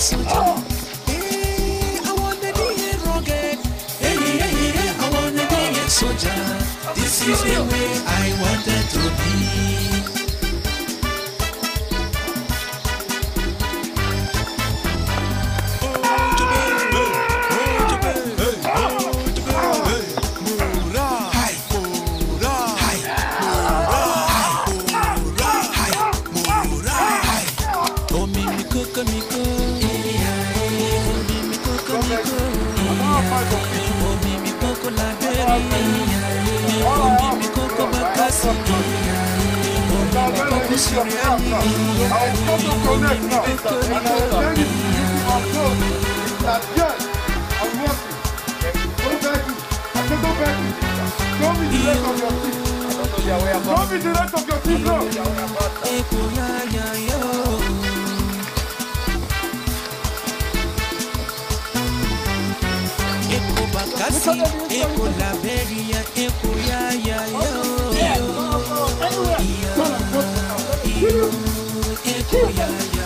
soldier. This is the way I wanted to be. Don't be the rest of your team. team, be the of your bro. Basi, Eko Liberia,